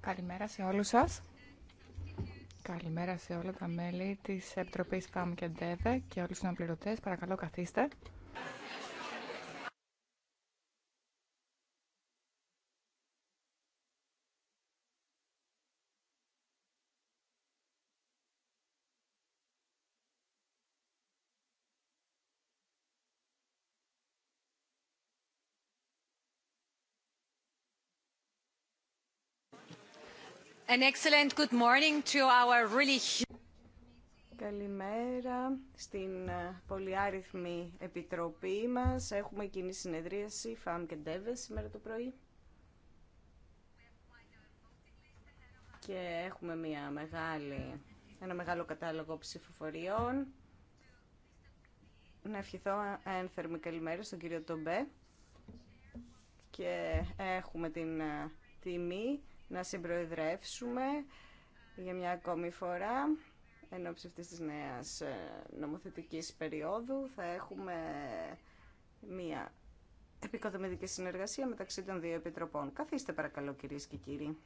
Καλημέρα σε όλους σας. Καλημέρα σε όλα τα μέλη της Επιτροπής ΠΑΜ και και όλους τους αναπληρωτές. Παρακαλώ καθίστε. Καλημέρα στην ε, πολυάριθμη επιτροπή μας. Έχουμε κοινή συνεδρίαση ΦΑΜ και ΝΤΕΒΕ σήμερα το πρωί. Και έχουμε μια μεγάλη, ένα μεγάλο κατάλογο ψηφοφοριών. Να ευχηθώ ένθερμη καλημέρα στον κύριο Τομπέ. Και έχουμε την ε, τιμή να συμπροεδρεύσουμε για μια ακόμη φορά εν ώψη αυτής της νέας ε, νομοθετικής περίοδου θα έχουμε μια επικοδομητική συνεργασία μεταξύ των δύο επιτροπών. Καθίστε παρακαλώ κυρίες και κύριοι.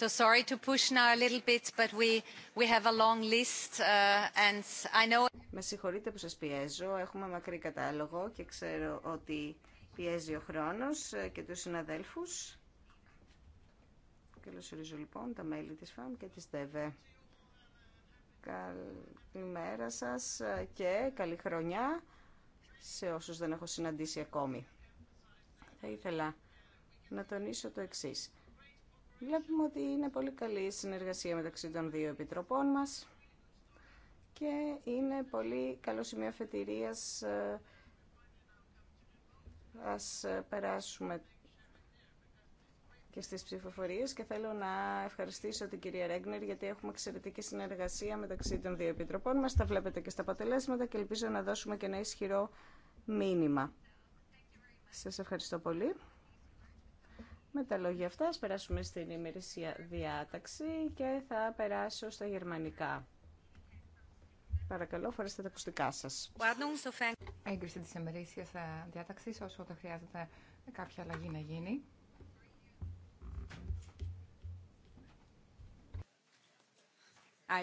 So sorry to push now a little bit, but we, we have a long list uh, and I know... Με συγχωρείτε που σας πιέζω, έχουμε μακρύ κατάλογο και ξέρω ότι πιέζει ο χρόνος ε, και τους συναδέλφους. Καλωσορίζω λοιπόν τα μέλη της ΦΑΜ και της ΔΕΒΕ. Καλημέρα σας ε, και καλή χρονιά σε όσους δεν έχω συναντήσει ακόμη. Θα ήθελα να τονίσω το εξής. Βλέπουμε ότι είναι πολύ καλή η συνεργασία μεταξύ των δύο επιτροπών μας και είναι πολύ καλό σημείο αφετηρίας ε, Ας ε, περάσουμε και στις ψηφοφορίες και θέλω να ευχαριστήσω την κυρία Ρέγνερ γιατί έχουμε εξαιρετική συνεργασία μεταξύ των δύο επιτροπών μας. Τα βλέπετε και στα αποτελέσματα και ελπίζω να δώσουμε και ένα ισχυρό μήνυμα. Σας ευχαριστώ πολύ. Με τα λόγια αυτά, ας περάσουμε στην ημερησία διάταξη και θα περάσω στα γερμανικά. Παρακαλώ, φορέστε τα ακουστικά σα. Έγκριση τη ημερήσια ε, διάταξη. όσο δεν χρειάζεται κάποια αλλαγή να γίνει.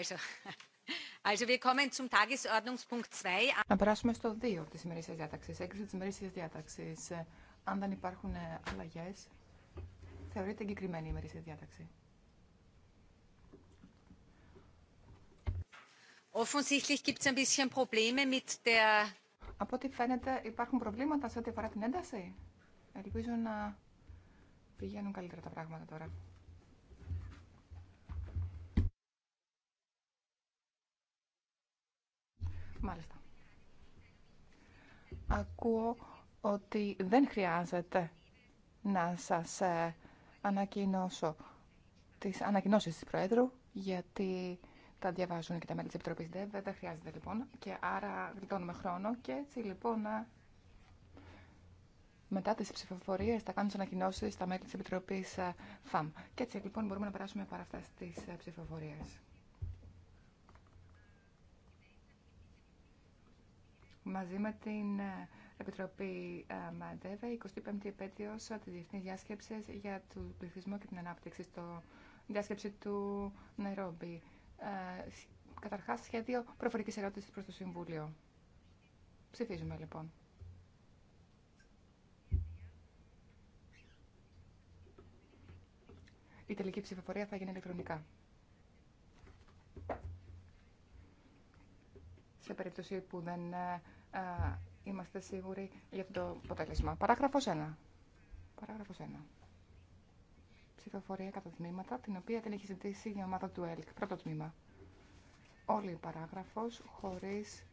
Also, also wir kommen zum Tagesordnungspunkt 2. Να περάσουμε στο 2 της ημερήσιας διάταξης. Έγκριση της ημερήσιας διάταξης. Ε, αν δεν υπάρχουν ε, αλλαγές, θεωρείται εγκεκριμένη η ημερήσια διάταξη. Από ό,τι φαίνεται υπάρχουν προβλήματα σε ό,τι αφορά την ένταση. Ελπίζω να πηγαίνουν καλύτερα τα πράγματα τώρα. Μάλιστα. Ακούω ότι δεν χρειάζεται να σας ε, ανακοινώσω τις ανακοινώσεις της Προέδρου, γιατί τα διαβάζουν και τα μέλη τη Επιτροπή ΔΕΒ. Δεν χρειάζεται λοιπόν. Και άρα γλιτώνουμε χρόνο. Και έτσι λοιπόν μετά τι ψηφοφορίε θα κάνουν τι ανακοινώσει στα μέλη τη Επιτροπή ε, ΦΑΜ. Και έτσι λοιπόν μπορούμε να περάσουμε παρά αυτά στι ε, ψηφοφορίε. Μαζί με την ε, Επιτροπή ΜΑΝΤΕΒΕ, η 25η επέτειο τη Διεθνή Διάσκεψη για τον Πληθυσμό και την Ανάπτυξη στο διάσκεψη του Νερόμπι. Ε, καταρχάς σχέδιο προφορικής ερώτησης προς το Συμβούλιο. Ψηφίζουμε λοιπόν. Η τελική ψηφοφορία θα γίνει ηλεκτρονικά. Σε περίπτωση που δεν ε, ε, είμαστε σίγουροι για αυτό το αποτέλεσμα. Παράγραφος 1. Παράγραφος 1 ψηφοφορία κατά τμήματα, την οποία την έχει ζητήσει η ομάδα του ΕΛΚ. Πρώτο τμήμα. Όλη η παράγραφος χωρίς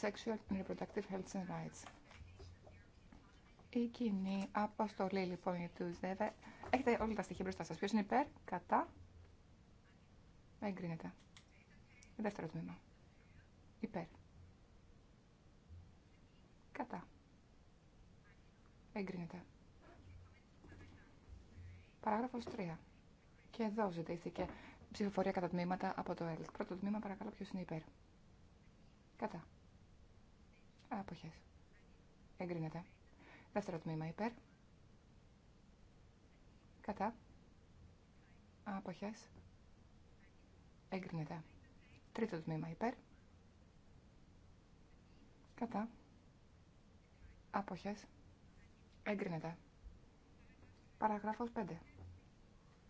Sexual and Reproductive Health and Rights. Η κοινή αποστολή λοιπόν για τους Έχετε όλα τα στοιχεία μπροστά σας. Ποιος είναι υπέρ, κατά. Εγκρίνεται. Δεύτερο τμήμα. Υπέρ. Κατά. Εγκρίνεται. Παράγραφος 3. Και εδώ ζητήθηκε ψηφοφορία κατά τμήματα από το ΕΛΚ. Πρώτο τμήμα, παρακαλώ, ποιο είναι υπέρ. Κατά. Αποχές. Εγκρίνεται. Δεύτερο τμήμα, υπέρ. Κατά. Αποχές. Εγκρίνεται. Τρίτο τμήμα, υπέρ. Κατά. Αποχές. Εγκρίνεται. Παραγράφος 5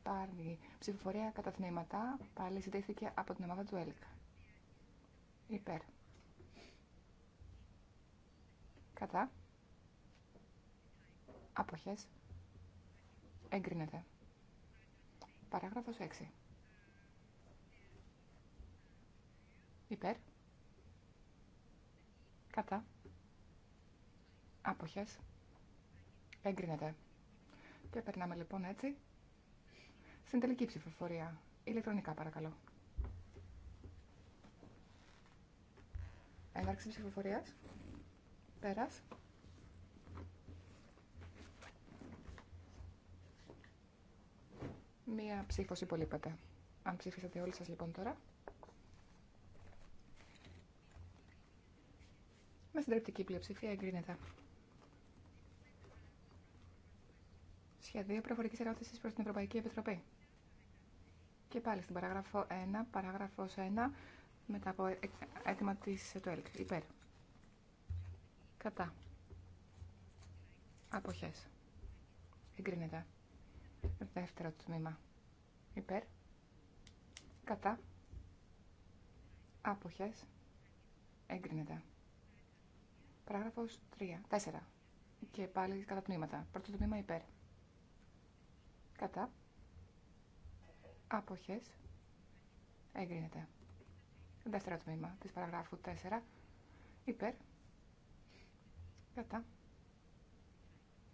πάρει ψηφοφορία κατά θνηματά, Πάλι ζητήθηκε από την ομάδα του ΕΛΚ. Υπέρ. Κατά. Αποχές. Εγκρίνεται. Παράγραφος 6. Υπέρ. Κατά. Αποχές. Εγκρίνεται. Και περνάμε λοιπόν έτσι στην τελική ψηφοφορία. Ηλεκτρονικά παρακαλώ. Έναρξη ψηφοφορίας. Πέρας. Μία ψήφος υπολείπεται. Αν ψήφισατε όλοι σας λοιπόν τώρα. Με συντριπτική πλειοψηφία εγκρίνεται. Σχέδιο προφορική ερώτηση προ την Ευρωπαϊκή Επιτροπή. Και πάλι στην παράγραφο 1, παράγραφος 1, μετά από έτοιμα ε, της ε, του ΕΛΚ. Υπέρ. Κατά. Αποχές. Εγκρίνεται. Δεύτερο τμήμα. Υπέρ. Κατά. Άποχες. Εγκρίνεται. Παράγραφος 3. 4. Και πάλι κατά τμήματα. Πρώτο τμήμα υπέρ. Κατά. Άποχες. Εγκρίνεται. Δεύτερο τμήμα της παραγράφου 4. Υπέρ. Κατά.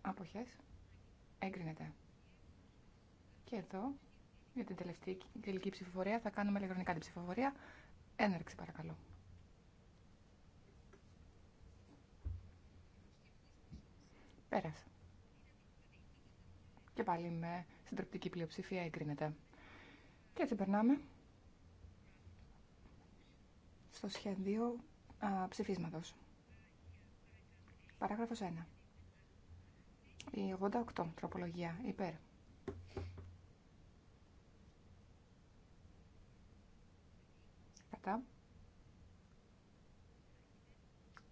Άποχες. Εγκρίνεται. Και εδώ, για την τελευταία τελική ψηφοφορία, θα κάνουμε ηλεκτρονικά την ψηφοφορία. Έναρξη παρακαλώ. Πέρασε. Και πάλι με συντροπτική πλειοψηφία εγκρίνεται. Και έτσι περνάμε στο σχέδιο α, ψηφίσματος. Παράγραφος 1. Η 88 τροπολογία υπέρ. Κατά.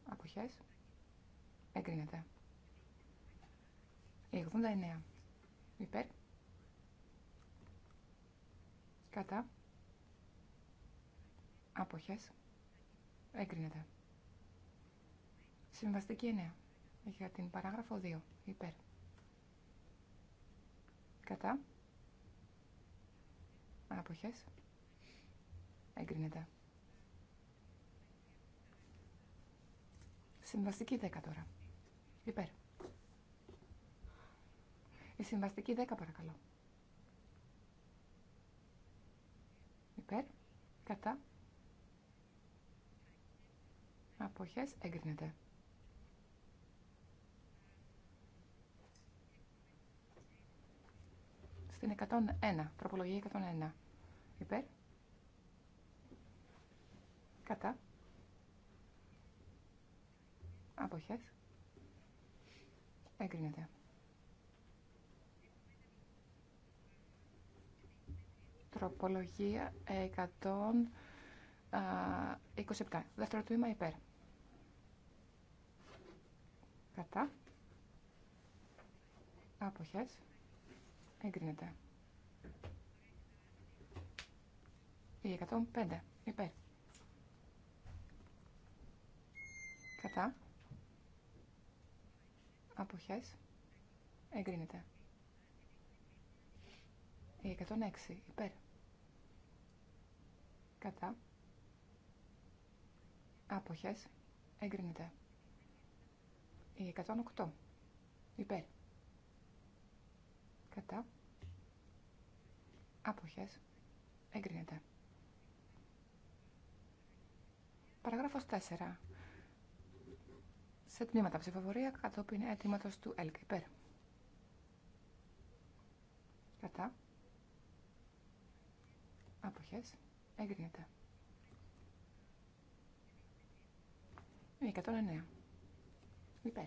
Αποχές. Εγκρίνεται. Η 89 υπέρ. Κατά. Άποχες. Έγκρινεται. Συμβαστική 9. Για την παράγραφο 2. Υπέρ. Κατά. Άποχες. Έγκρινεται. Συμβαστική 10 τώρα. Υπέρ. Η συμβαστική 10 παρακαλώ. Υπέρ. Κατά. Αποχές εγκρίνεται. Στην 101. προπολογία 101. Υπέρ. Κατά. Αποχές. Εγκρίνεται. Τροπολογία 127. Δεύτερο τμήμα υπέρ. Κατά. Αποχές. Εγκρίνεται. Η 105. Υπέρ. Κατά. Αποχές. Εγκρίνεται. Η 106. Υπέρ κατά άποχες εγκρίνεται η 108 υπέρ κατά άποχες εγκρίνεται Παραγράφος 4 σε τμήματα ψηφοφορία κατόπιν αιτήματος του ΕΛΚ υπέρ κατά άποχες Εγκρίνεται. 109. Ε, Υπέρ.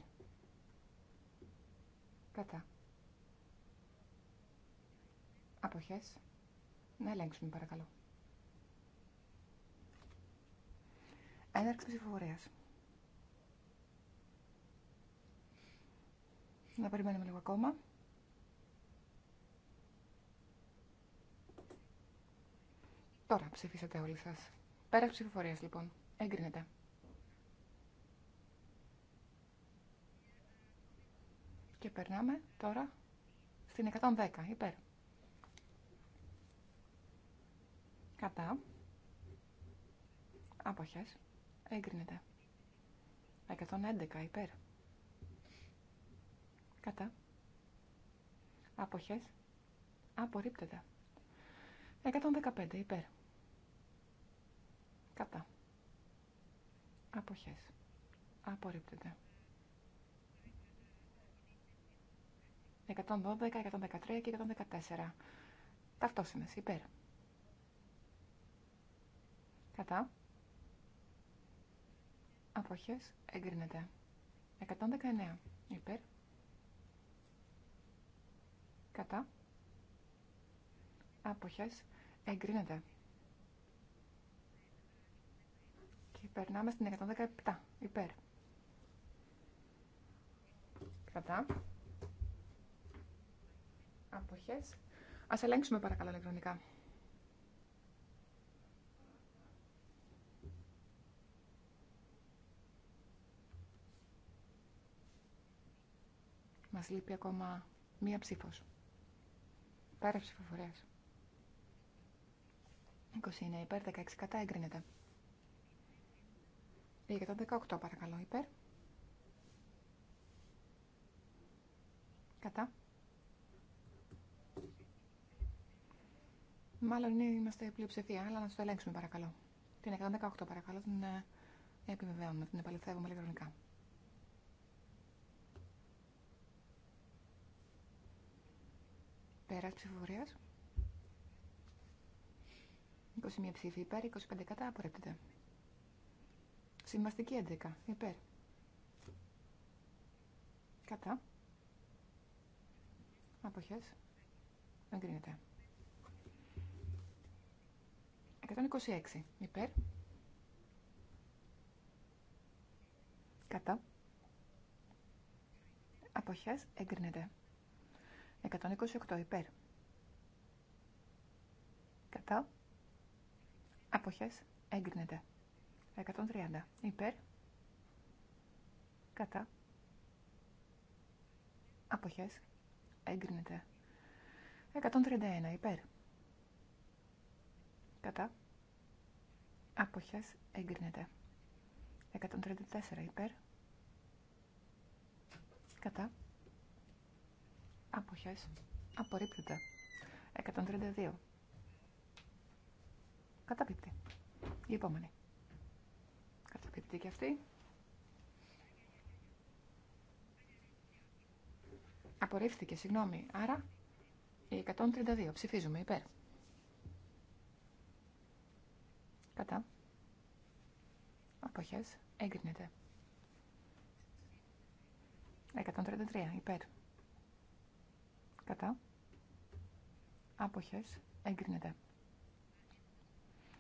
Κατά. Αποχές. Να ελέγξουμε παρακαλώ. Έναρξη ψηφοφορίας. Να περιμένουμε λίγο ακόμα. Τώρα ψηφίσατε όλοι σας. Πέρα ψηφοφορίας λοιπόν. Έγκρινεται. Και περνάμε τώρα στην 110. Υπέρ. Κατά. Άποχες. Έγκρινεται. 111. Υπέρ. Κατά. Άποχες. Απορρίπτεται. 115. Υπέρ. Κατά. Αποχές. Απορρίπτεται. 112, 113 και 114. Ταυτόσημες. Υπέρ. Κατά. Αποχές. Εγκρίνεται. 119. Υπέρ. Κατά. Αποχές. Εγκρίνεται. Και περνάμε στην 117. Υπέρ. Κατά. Αποχές. Ας ελέγξουμε παρακαλώ ηλεκτρονικά. Μας λείπει ακόμα μία ψήφος. Πέρα ψηφοφορίας. 20 είναι υπέρ, 16 κατά εγκρίνεται. Για 118 παρακαλώ υπέρ. Κατά. Μάλλον είμαστε πλειοψηφία, αλλά να το ελέγξουμε παρακαλώ. Την 118 παρακαλώ, την ε, επιβεβαίωνουμε, την επαληθεύουμε ηλεκτρονικά. Πέρας ψηφοφορίας. 21 ψήφοι υπέρ, 25 κατά, απορρίπτεται. Συμβαστική 11. Υπέρ. Κατά. Αποχές. Εγκρίνεται. 126. Υπέρ. Κατά. Αποχές. Εγκρίνεται. 128. Υπέρ. Κατά. Αποχές. Εγκρίνεται. 130 υπέρ. Κατά. Αποχές. Έγκρινεται. 131 υπέρ. Κατά. Αποχές. Έγκρινεται. 134 υπέρ. Κατά. Αποχές. Απορρίπτεται. 132. Καταπίπτει. Η επόμενη. Απορρίπτεται και αυτή. Απορρίφθηκε, συγγνώμη. Άρα, η 132. Ψηφίζουμε υπέρ. Κατά. Αποχές. Έγκρινεται. 133. Υπέρ. Κατά. Άποχες. Έγκρινεται.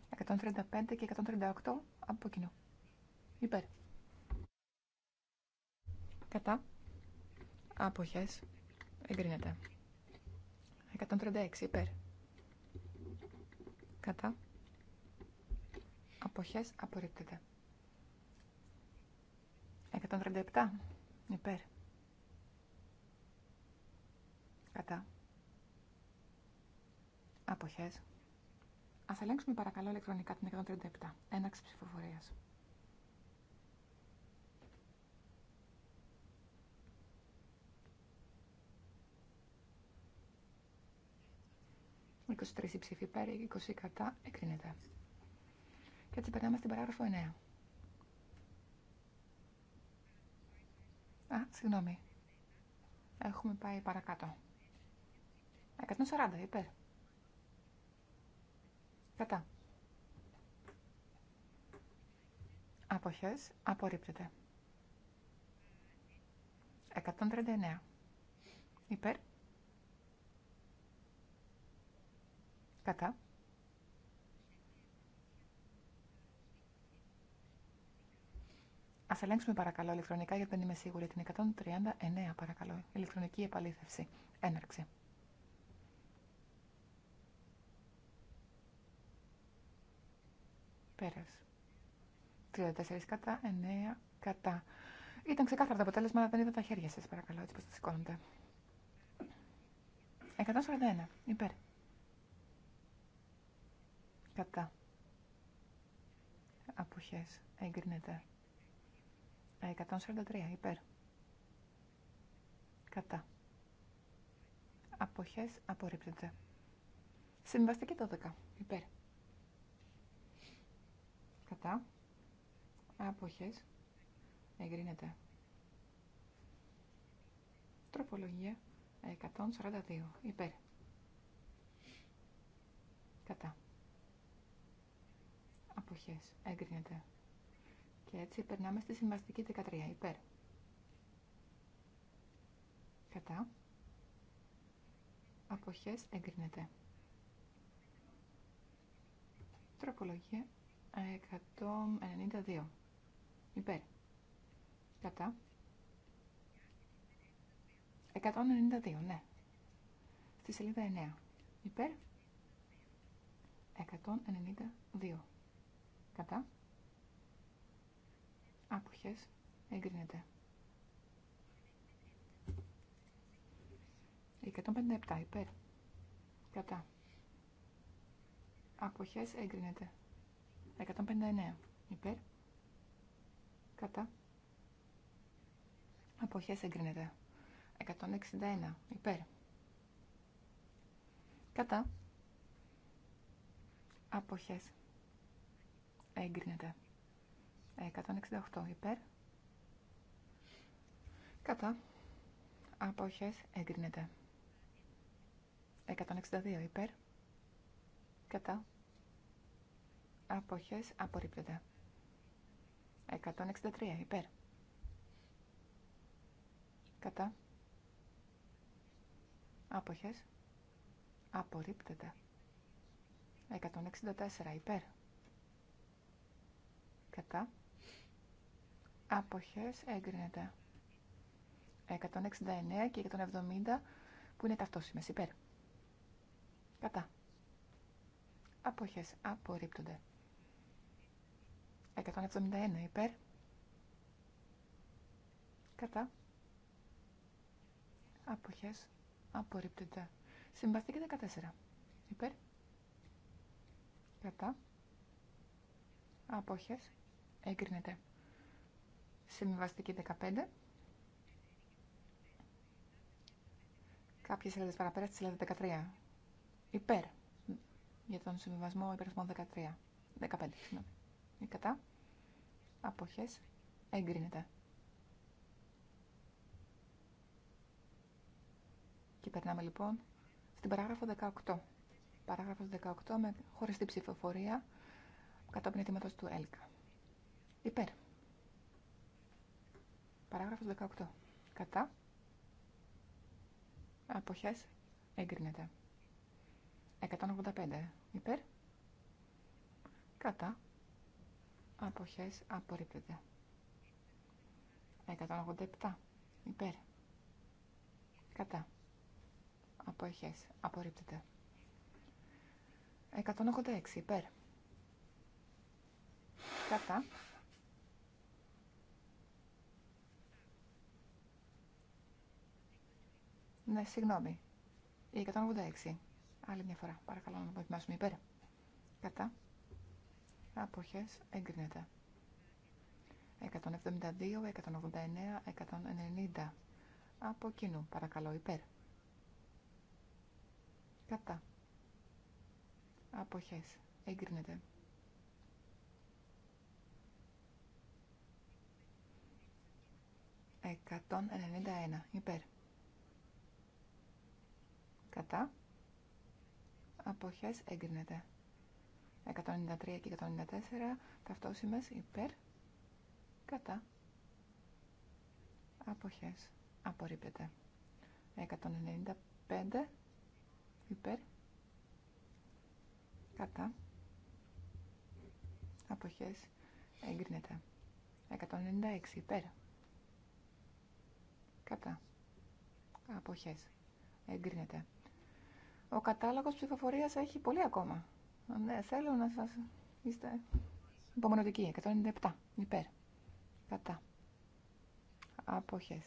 135 και 138 από κοινού. Υπέρ. Κατά. Αποχές. Εγκρίνεται. 136. Υπέρ. Κατά. Αποχές. Απορρίπτεται. 137. Υπέρ. Κατά. Αποχές. Ας ελέγξουμε παρακαλώ ηλεκτρονικά την 137. Έναξη ψηφοφορίας. 23 ψήφοι υπέρ, 20 κατά, εκρίνεται. Και έτσι περνάμε στην παράγραφο 9. Α, συγγνώμη. Έχουμε πάει παρακάτω. 140 υπέρ. Κατά. Αποχές απορρίπτεται. 139. Υπέρ. Α Ας ελέγξουμε παρακαλώ ηλεκτρονικά γιατί δεν είμαι σίγουρη. Την 139 παρακαλώ. Ηλεκτρονική επαλήθευση. Έναρξη. Πέρας. 34 κατά, 9 κατά. Ήταν ξεκάθαρο το αποτέλεσμα, αλλά δεν είδα τα χέρια σας παρακαλώ, έτσι πως τα σηκώνονται. 141. Υπέρ. Κατά. Αποχές. Εγκρίνεται. 143. Υπέρ. Κατά. Αποχές. Απορρίπτεται. Συμβαστική 12. Υπέρ. Κατά. Αποχές. Εγκρίνεται. Τροπολογία 142. Υπέρ. Κατά εγκρίνεται. Και έτσι περνάμε στη συμβαστική 13 υπέρ. Κατά. Αποχέ εγκρίνεται. Τροπολογία 192. Υπέρ. Κατά. 192, ναι. Στη σελίδα 9. Υπέρ. 192. Κατά. Άποχες. Εγκρίνεται. 157 υπέρ. Κατά. Αποχές εγκρίνεται. 159 υπέρ. Κατά. Αποχές εγκρίνεται. 161 υπέρ. Κατά. Αποχές Εγκρίνεται. 168 υπέρ. Κατά. Απόχες. Εγκρίνεται. 162 υπέρ. Κατά. Απόχες. Απορρίπτεται. 163 υπέρ. Κατά. Άποχες. Απορρίπτεται. 164 υπέρ κατά αποχές εγκρίνεται 169 και 170 που είναι ταυτόσημες. υπέρ κατά αποχές απορρίπτονται 171 υπέρ κατά αποχές απορρίπτονται. συμβαστική 14 υπέρ κατά αποχές Εγκρίνεται. Συμβιβαστική 15. Κάποιες σελίδες παραπέρα στη σελίδα 13. Υπέρ. Για τον συμβιβασμό υπερασμό 13. 15, συγγνώμη. Κατά. Αποχές. Εγκρίνεται. Και περνάμε λοιπόν στην παράγραφο 18. Παράγραφος 18 με χωριστή ψηφοφορία κατόπιν αιτήματος του ΕΛΚΑ. Υπέρ. Παράγραφος 18. Κατά. Αποχές εγκρίνεται. 185. Υπέρ. Κατά. Αποχές απορρίπτεται. 187. Υπέρ. Κατά. Αποχές απορρίπτεται. 186. Υπέρ. Κατά. Ναι, συγγνώμη. Η 186. Άλλη μια φορά. Παρακαλώ να δοκιμάσουμε υπέρ. Κατά. Αποχές εγκρίνεται. 172, 189, 190. Από κοινού, παρακαλώ, υπέρ. Κατά. Αποχές. Εγκρίνεται. 191. Υπέρ. Κατά. Αποχές εγκρίνεται. 193 και 194 ταυτόσημες υπέρ. Κατά. Αποχές. Απορρίπτεται. 195 υπέρ. Κατά. Αποχές εγκρίνεται. 196 υπέρ. Κατά. Αποχές. Εγκρίνεται. Ο κατάλογος ψηφοφορίας έχει πολύ ακόμα. Ναι, θέλω να σας... Είστε υπομονωτικοί. 197. Υπέρ. Κατά. Αποχές.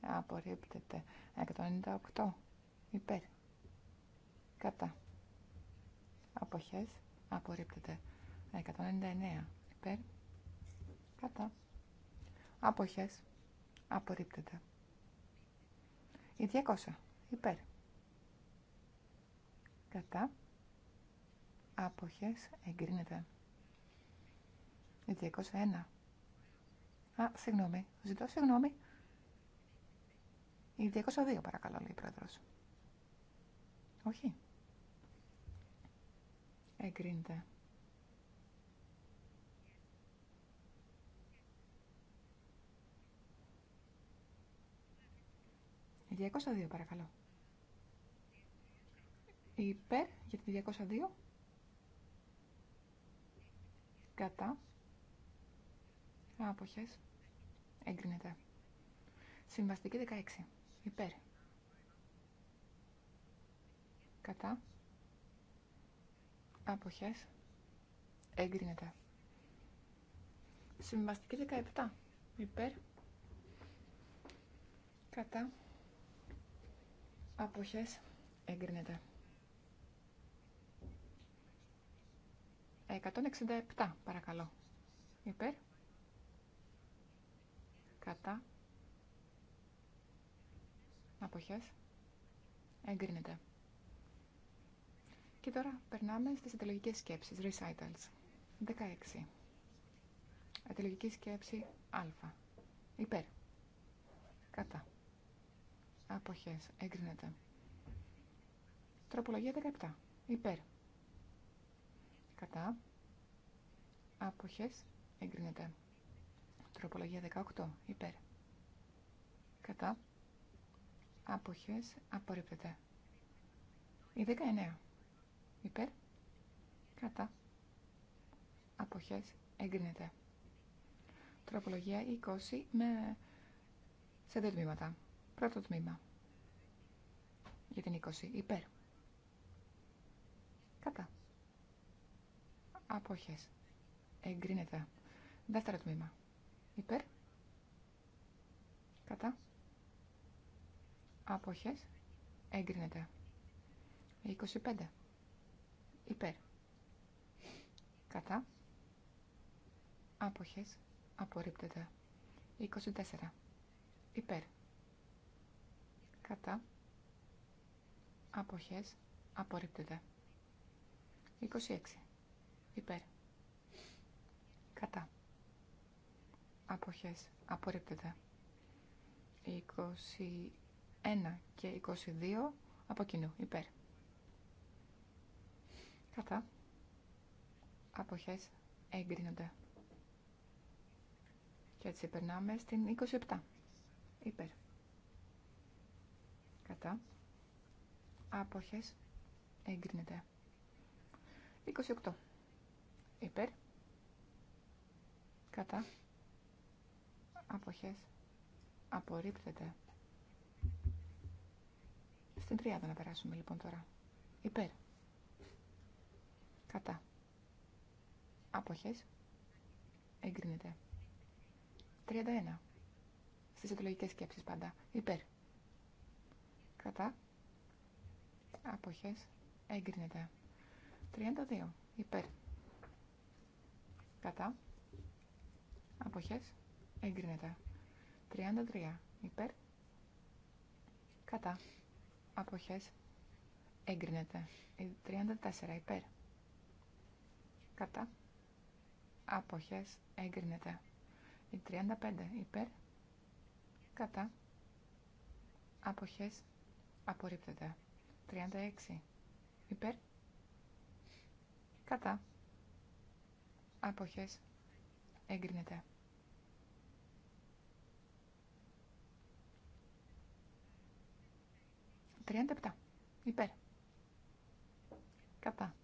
Απορρίπτεται. 198. Υπέρ. Κατά. Αποχές. Απορρίπτεται. 199. Υπέρ. Κατά. Αποχές. Απορρίπτεται. Η 200. Υπέρ κατά άποχες εγκρίνεται. Η 201. Α, συγγνώμη. Ζητώ συγγνώμη. Η 202 παρακαλώ, λέει η πρόεδρος. Όχι. Εγκρίνεται. Η 202 παρακαλώ υπέρ για τη 202 κατά άποχες εγκρίνεται συμβαστική 16 υπέρ κατά άποχες εγκρίνεται συμβαστική 17 υπέρ κατά άποχες εγκρίνεται 167 παρακαλώ. Υπέρ. Κατά. Αποχές. Εγκρίνεται. Και τώρα περνάμε στις αιτιολογικές σκέψεις. Recitals. 16. Αιτιολογική σκέψη α. Υπέρ. Κατά. Αποχές. Εγκρίνεται. Τροπολογία 17. Υπέρ. Κατά. Αποχές εγκρίνεται. Τροπολογία 18. Υπέρ. Κατά. Αποχές απορρίπτεται. Η 19. Υπέρ. Κατά. Αποχές εγκρίνεται. Τροπολογία 20 με σε δύο τμήματα. Πρώτο τμήμα. Για την 20. Υπέρ. Κατά. Αποχές εγκρίνεται. Δεύτερο τμήμα. Υπέρ. Κατά. Αποχές. Εγκρίνεται. 25. Υπέρ. Κατά. Αποχές. Απορρίπτεται. 24. Υπέρ. Κατά. Αποχές. Απορρίπτεται. 26. Υπέρ. Κατά. Αποχές. Απορρίπτεται. 21 και 22 από κοινού. Υπέρ. Κατά. Αποχές. Εγκρίνονται. Και έτσι περνάμε στην 27. Υπέρ. Κατά. Άποχες. Εγκρίνεται. 28. Υπέρ κατά αποχές απορρίπτεται στην τριάδα να περάσουμε λοιπόν τώρα υπέρ κατά αποχές εγκρίνεται 31 στις απ' σκέψεις πάντα υπέρ κατά αποχές εγκρίνεται 32 υπέρ κατά Αποχές. Εγκρίνεται. 33. Υπέρ. Κατά. Αποχές. Εγκρίνεται. 34. Ε, Υπέρ. Κατά. Αποχές. Εγκρίνεται. 35. Ε, Υπέρ. Κατά. Αποχές. Απορρίπτεται. 36. Υπέρ. Κατά. Αποχές. Εγκρίνεται. 37. Υπέρ. Κατά.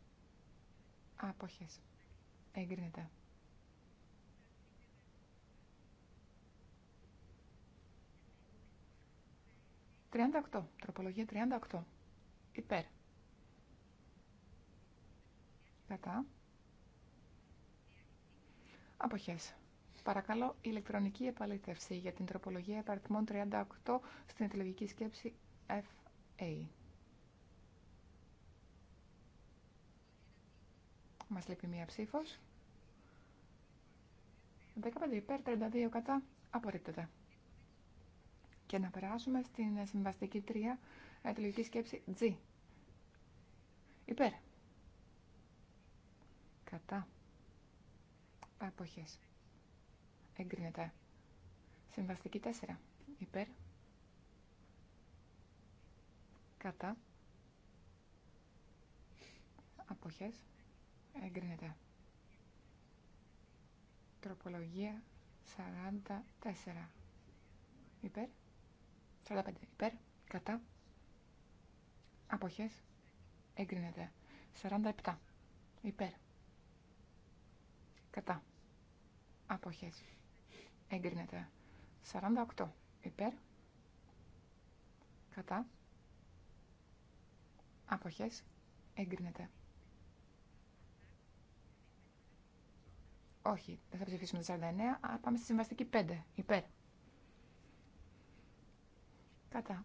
Άποχες. Εγκρίνεται. Τριάντα οκτώ. Τροπολογία 38. Υπέρ. Κατά. Αποχές. Παρακαλώ ηλεκτρονική επαλήθευση για την τροπολογία τρίαντα 38 στην αιτηλογική σκέψη F. A. Μας λείπει μία ψήφος. 15 υπέρ, 32 κατά, απορρίπτεται. Και να περάσουμε στην συμβαστική 3, ε, λογική σκέψη G. Υπέρ. Κατά. Αποχές. Εγκρίνεται. Συμβαστική 4. Υπέρ. Κατά. Αποχές. Εγκρίνεται. Τροπολογία 44. Υπέρ. 45. Υπέρ. Κατά. Αποχές. Εγκρίνεται. 47. Υπέρ. Κατά. Αποχές. Εγκρίνεται. 48. Υπέρ. Κατά. Αποχές. Εγκρίνεται. Όχι, δεν θα ψηφίσουμε το 49, αλλά πάμε στη συμβαστική 5. Υπέρ. Κατά.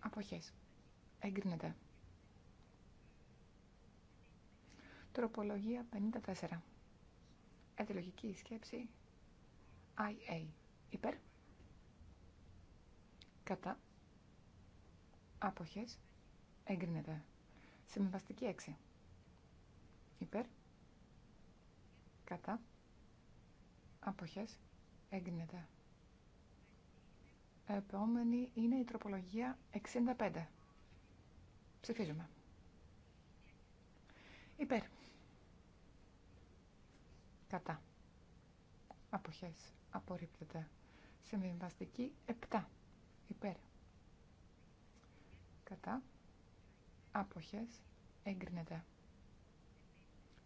Αποχές. Εγκρίνεται. Τροπολογία 54. Εντελογική σκέψη IA. Υπέρ. Κατά. Άποχες. Εγκρίνεται. Συμβαστική 6. Υπέρ. Κατά. Αποχές. Εγκρίνεται. Επόμενη είναι η τροπολογία 65. Ψηφίζουμε. Υπέρ. Κατά. Αποχές. Απορρίπτεται. Συμβιβαστική 7. Υπέρ. Κατά. Άποχες. Εγκρίνεται.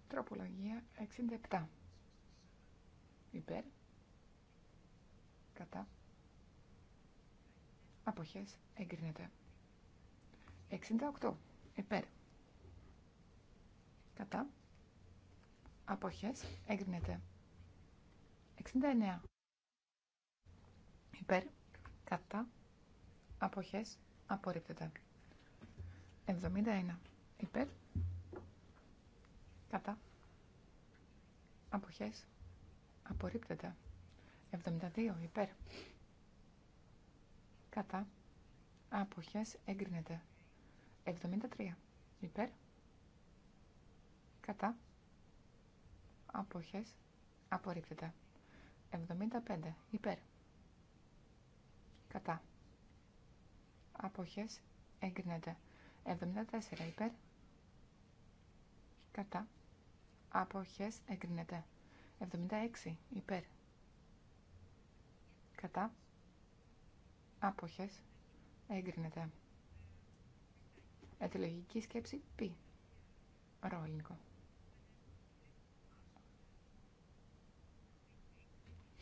Τροπολογία 67. Υπέρ. Κατά. Αποχές. Εγκρίνεται. 68. Υπέρ. Κατά. Αποχές. Εγκρίνεται. 69. Υπέρ. Κατά. Αποχές. Απορρίπτεται. 71 υπέρ. Κατά. Αποχές. Απορρίπτεται. 72 υπέρ. Κατά. Αποχές εγκρίνεται. 73 υπέρ. Κατά. Αποχές απορρίπτεται. 75 υπέρ. Κατά. Αποχές εγκρίνεται. 74 υπέρ. Κατά. Αποχές εγκρίνεται. 76 υπέρ. Κατά. Αποχές εγκρίνεται. Ετυλογική σκέψη π. Ρόλινγκο.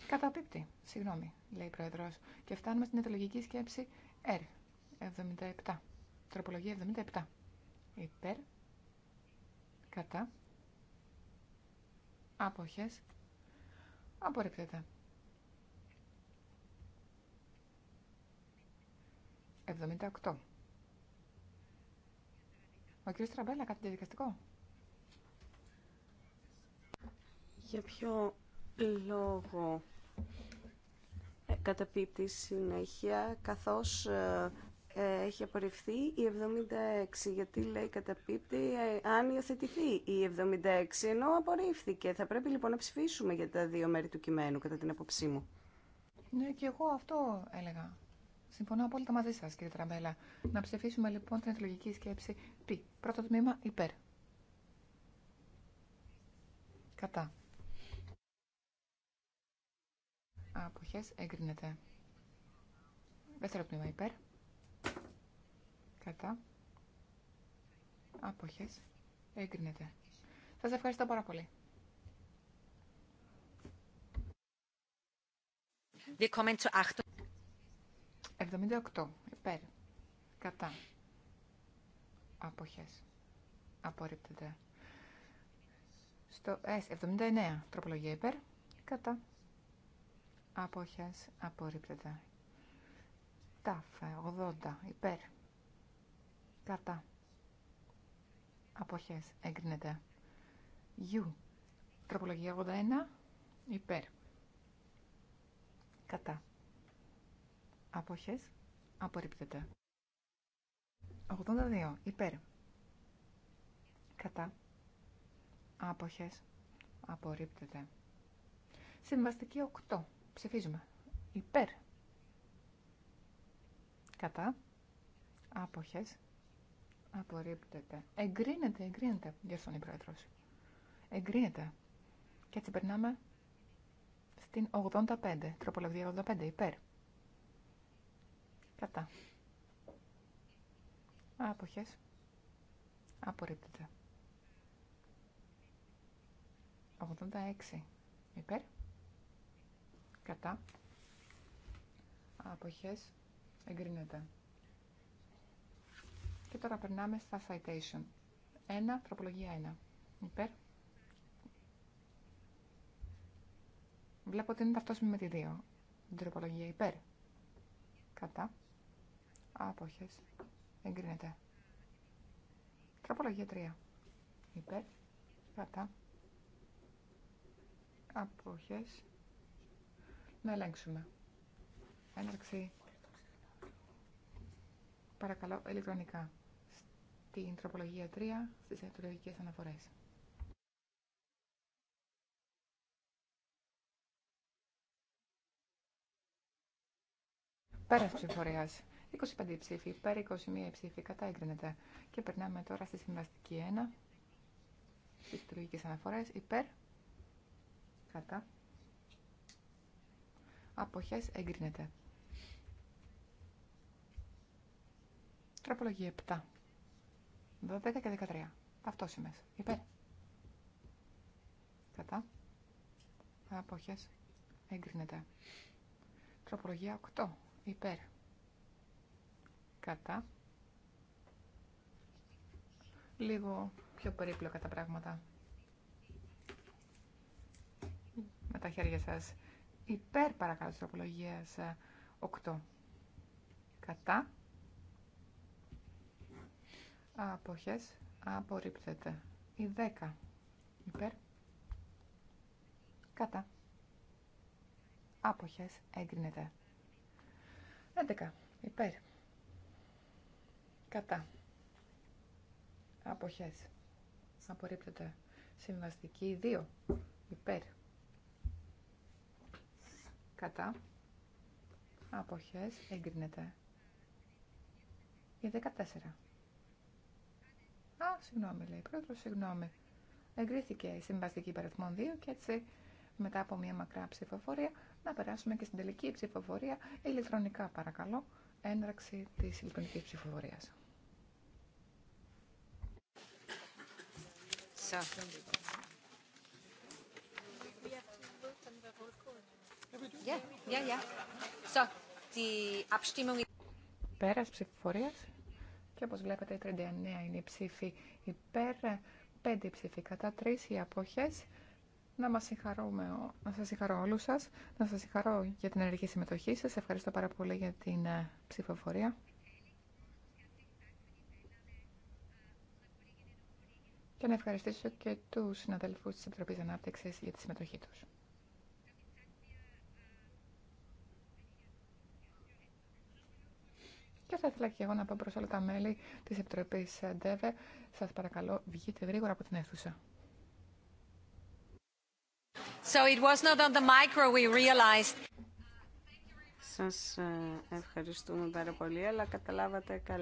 Καταπίπτει. Συγγνώμη, λέει η Πρόεδρος. Και φτάνουμε στην ετυλογική σκέψη R. 77 Τροπολογία 77. Υπέρ. Κατά. Αποχές. Απορρίπτεται. 78. Ο κ. Τραμπέλα, κάτι διαδικαστικό. Για ποιο λόγο ε, καταπίπτει συνέχεια, καθώς ε, ε, έχει απορριφθεί η 76, γιατί λέει καταπίπτει ε, αν υιοθετηθεί η 76, ενώ απορρίφθηκε. Θα πρέπει λοιπόν να ψηφίσουμε για τα δύο μέρη του κειμένου, κατά την απόψή μου. Ναι, και εγώ αυτό έλεγα. Συμφωνώ απόλυτα μαζί σα κύριε Τραμπέλα. Να ψηφίσουμε λοιπόν την αθλητική σκέψη π. Πρώτο τμήμα υπέρ. Κατά. Αποχές εγκρίνεται. Δεύτερο τμήμα υπέρ. Κατά. Αποχές. Έγκρινεται. Σας ευχαριστώ πάρα πολύ. Wir zu 78. Υπέρ. Κατά. Αποχές. Απορρίπτεται. Στο S79. Τροπολογία υπέρ. Κατά. Αποχές. Απορρίπτεται. ΤΑΦ 80. Υπέρ. Κατά. Αποχές. Εγκρίνεται. Γιου, Τροπολογία 81. Υπέρ. Κατά. Αποχές. Απορρίπτεται. 82. Υπέρ. Κατά. Άποχες. Απορρίπτεται. Συμβαστική 8. Ψηφίζουμε. Υπέρ. Κατά. Άποχες. Απορρίπτεται. Εγκρίνεται, εγκρίνεται, διορθώνει η πρόεδρος. Εγκρίνεται. Και έτσι περνάμε στην 85, τροπολογία 85, υπέρ. Κατά. Άποχες. Απορρίπτεται. 86, υπέρ. Κατά. Άποχες. Εγκρίνεται τώρα περνάμε στα citation. Ένα τροπολογία 1. Υπέρ. Βλέπω ότι είναι ταυτόσιμη με τη 2. τροπολογία υπέρ. Κατά. Άποχες. Εγκρίνεται. Τροπολογία 3. Υπέρ. Κατά. Άποχες. Να ελέγξουμε. Έναρξη. Παρακαλώ, ηλεκτρονικά την τροπολογία 3 στις εκλογικές αναφορές. Πέρα ψηφορίας. 25 ψήφοι υπέρ, 21 ψήφοι κατά εγκρίνεται. Και περνάμε τώρα στη συμβαστική 1, στις λειτουργικές αναφορές, υπέρ, κατά, αποχές εγκρίνεται. Τροπολογία 7. 12 και 13. είμαι. Υπέρ. Κατά. Απόχε. Εγκρίνεται. Τροπολογία 8. Υπέρ. Κατά. Λίγο πιο περίπλοκα τα πράγματα. Με τα χέρια σα. Υπέρ παρακαλώ τροπολογία 8. Ε, Κατά. Αποχές. Απορρίπτεται. Η 10. Υπέρ. Κατά. Άποχες. Έγκρινεται. 11. Υπέρ. Κατά. Άποχες. Απορρίπτεται. Συμβαστική 2. Υπέρ. Κατά. Άποχες. Έγκρινεται. Η 14. Α, συγγνώμη, λέει πρόεδρο, συγγνώμη. Εγκρίθηκε η συμβαστική υπαριθμών 2 και έτσι μετά από μια μακρά ψηφοφορία να περάσουμε και στην τελική ψηφοφορία ηλεκτρονικά παρακαλώ έναρξη της ηλεκτρονικής ψηφοφορίας. Yeah, yeah, Πέρας ψηφοφορίας. Και όπως βλέπετε, 39 είναι οι ψήφοι υπέρ, 5 ψήφοι κατά, 3 οι αποχές. Να, μας συγχαρούμε, να σας συγχαρώ όλους σας, να σας συγχαρώ για την ενεργή συμμετοχή σας. Ευχαριστώ πάρα πολύ για την ε, ψηφοφορία. Και να ευχαριστήσω και τους συναδελφούς της Επιτροπής Ανάπτυξης για τη συμμετοχή τους. Και θα ήθελα και εγώ να πω προς όλα τα μέλη της Επιτροπής ΔΕΒΕ, σας παρακαλώ βγείτε γρήγορα από την αίθουσα. So it was not on the micro we realized. Σας ε, ευχαριστούμε πάρα πολύ, αλλά καταλάβατε καλά.